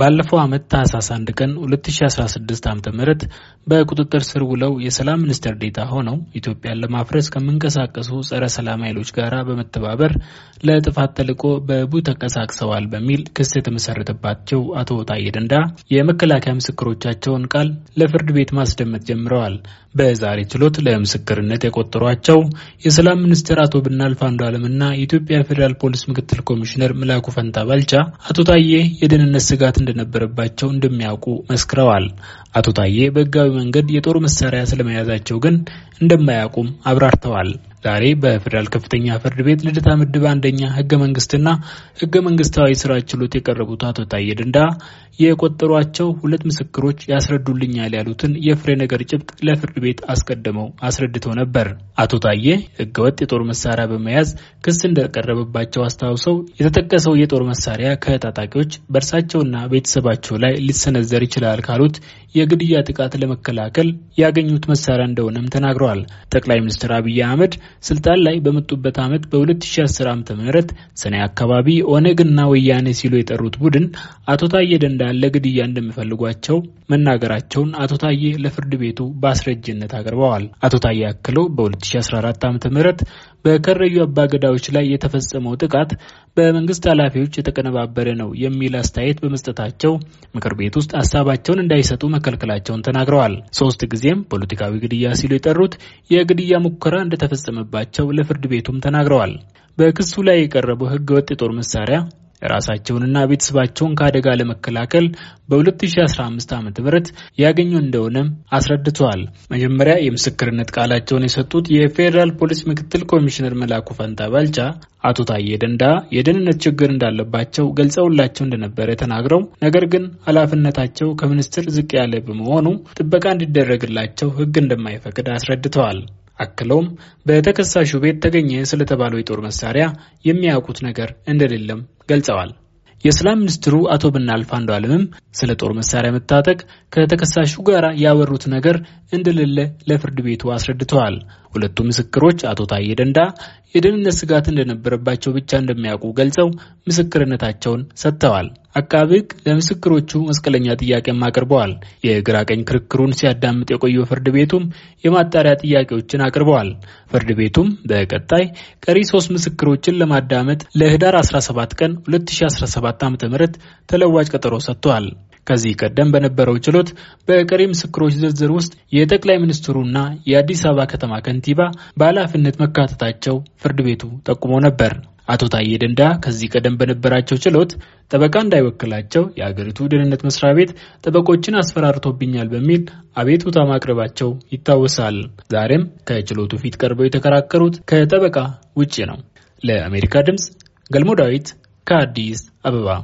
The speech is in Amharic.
ባለፈው ዓመት ታህሳስ 1 ቀን 2016 ዓ ም በቁጥጥር ስር ውለው የሰላም ሚኒስትር ዴታ ሆነው ኢትዮጵያን ለማፍረስ ከሚንቀሳቀሱ ጸረ ሰላም ኃይሎች ጋር በመተባበር ለጥፋት ተልዕኮ በቡ ተንቀሳቅሰዋል በሚል ክስ የተመሰረተባቸው አቶ ታዬ ደንዳ የመከላከያ ምስክሮቻቸውን ቃል ለፍርድ ቤት ማስደመጥ ጀምረዋል። በዛሬ ችሎት ለምስክርነት የቆጠሯቸው የሰላም ሚኒስትር አቶ ብናልፍ አንዱዓለምና የኢትዮጵያ ፌዴራል ፖሊስ ምክትል ኮሚሽነር ምላኩ ፈንታ ባልቻ አቶ ታዬ የደህንነት ስጋት እንደነበረባቸው እንደሚያውቁ መስክረዋል። አቶ ታዬ በህጋዊ መንገድ የጦር መሳሪያ ስለመያዛቸው ግን እንደማያውቁም አብራርተዋል። ዛሬ በፌዴራል ከፍተኛ ፍርድ ቤት ልደታ ምድብ አንደኛ ህገ መንግስትና ህገ መንግስታዊ ስራ ችሎት የቀረቡት አቶ ታዬ ደንዳ የቆጠሯቸው ሁለት ምስክሮች ያስረዱልኛል ያሉትን የፍሬ ነገር ጭብጥ ለፍርድ ቤት አስቀድመው አስረድተው ነበር። አቶ ታዬ ህገወጥ የጦር መሳሪያ በመያዝ ክስ እንደቀረበባቸው አስታውሰው የተጠቀሰው የጦር መሳሪያ ከታጣቂዎች በእርሳቸውና ቤተሰባቸው ላይ ሊሰነዘር ይችላል ካሉት የግድያ ጥቃት ለመከላከል ያገኙት መሳሪያ እንደሆነም ተናግረዋል። ጠቅላይ ሚኒስትር አብይ አህመድ ስልጣን ላይ በመጡበት ዓመት በ2010 ም ሰኔ አካባቢ ኦነግና ወያኔ ሲሉ የጠሩት ቡድን አቶ ታዬ ደንዳ ለግድያ እንደሚፈልጓቸው መናገራቸውን አቶ ታዬ ለፍርድ ቤቱ በአስረጅነት አቅርበዋል። አቶ ታዬ አክለው በ2014 ም በከረዩ አባገዳዎች ላይ የተፈጸመው ጥቃት በመንግስት ኃላፊዎች የተቀነባበረ ነው የሚል አስተያየት በመስጠታቸው ምክር ቤት ውስጥ ሀሳባቸውን እንዳይሰጡ መከልከላቸውን ተናግረዋል። ሶስት ጊዜም ፖለቲካዊ ግድያ ሲሉ የጠሩት የግድያ ሙከራ እንደተፈጸመባቸው ለፍርድ ቤቱም ተናግረዋል። በክሱ ላይ የቀረበው ህገወጥ የጦር መሳሪያ ራሳቸውንና ቤተሰባቸውን ከአደጋ ለመከላከል በ2015 ዓ.ም ያገኙ እንደሆነም አስረድተዋል። መጀመሪያ የምስክርነት ቃላቸውን የሰጡት የፌዴራል ፖሊስ ምክትል ኮሚሽነር መላኩ ፈንታ ባልቻ አቶ ታዬ ደንዳ የደህንነት ችግር እንዳለባቸው ገልጸውላቸው እንደነበረ ተናግረው ነገር ግን ኃላፊነታቸው ከሚኒስትር ዝቅ ያለ በመሆኑ ጥበቃ እንዲደረግላቸው ሕግ እንደማይፈቅድ አስረድተዋል። አክለውም በተከሳሹ ቤት ተገኘ ስለተባለው የጦር መሳሪያ የሚያውቁት ነገር እንደሌለም ገልጸዋል። የሰላም ሚኒስትሩ አቶ ብናልፍ አለምም ስለ ጦር መሳሪያ መታጠቅ ከተከሳሹ ጋር ያወሩት ነገር እንደሌለ ለፍርድ ቤቱ አስረድተዋል። ሁለቱ ምስክሮች አቶ ታዬ ደንዳ የደህንነት ስጋት እንደነበረባቸው ብቻ እንደሚያውቁ ገልጸው ምስክርነታቸውን ሰጥተዋል። አቃቤ ሕግ ለምስክሮቹ መስቀለኛ ጥያቄም አቅርበዋል። የግራ ቀኝ ክርክሩን ሲያዳምጥ የቆየው ፍርድ ቤቱም የማጣሪያ ጥያቄዎችን አቅርበዋል። ፍርድ ቤቱም በቀጣይ ቀሪ ሶስት ምስክሮችን ለማዳመጥ ለህዳር 17 ቀን 2017 ዓ.ም ተለዋጭ ቀጠሮ ሰጥቷል። ከዚህ ቀደም በነበረው ችሎት በቀሪ ምስክሮች ዝርዝር ውስጥ የጠቅላይ ሚኒስትሩና የአዲስ አበባ ከተማ ከንቲባ በኃላፊነት መካተታቸው ፍርድ ቤቱ ጠቁሞ ነበር። አቶ ታዬ ደንዳ ከዚህ ቀደም በነበራቸው ችሎት ጠበቃ እንዳይወክላቸው የአገሪቱ ደህንነት መስሪያ ቤት ጠበቆችን አስፈራርቶብኛል በሚል አቤቱታ ማቅረባቸው ይታወሳል። ዛሬም ከችሎቱ ፊት ቀርበው የተከራከሩት ከጠበቃ ውጭ ነው። ለአሜሪካ ድምፅ ገልሞ ዳዊት ከአዲስ አበባ